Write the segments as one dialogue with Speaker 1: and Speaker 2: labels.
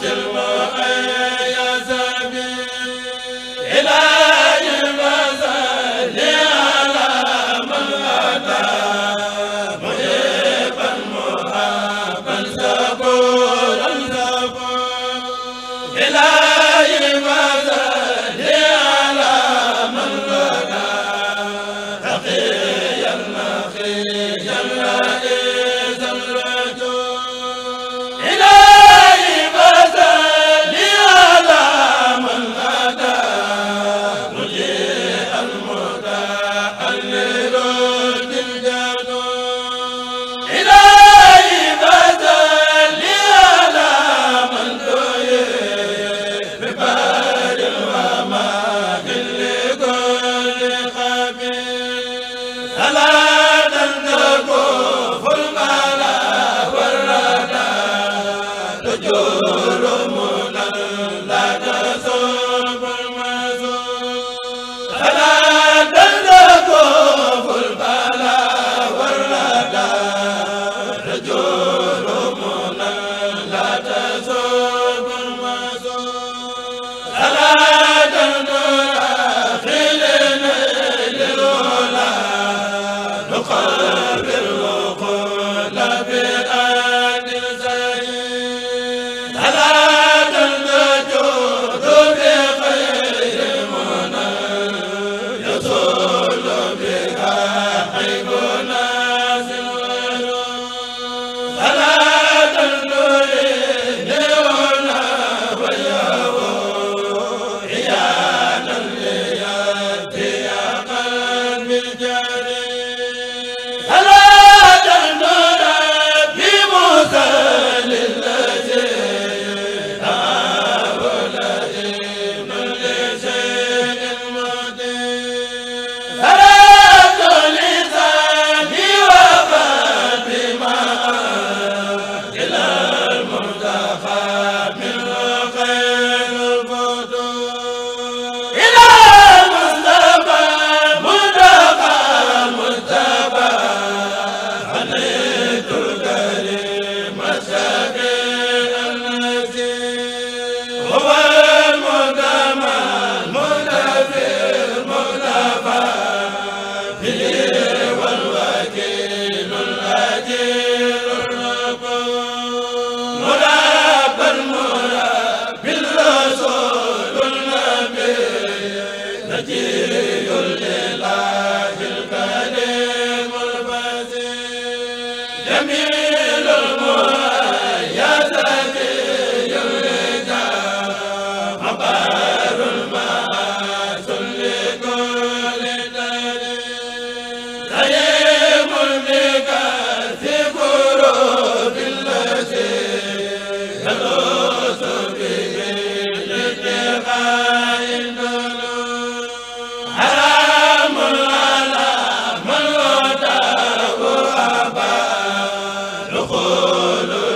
Speaker 1: jël ma ba so جميل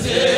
Speaker 1: Merci.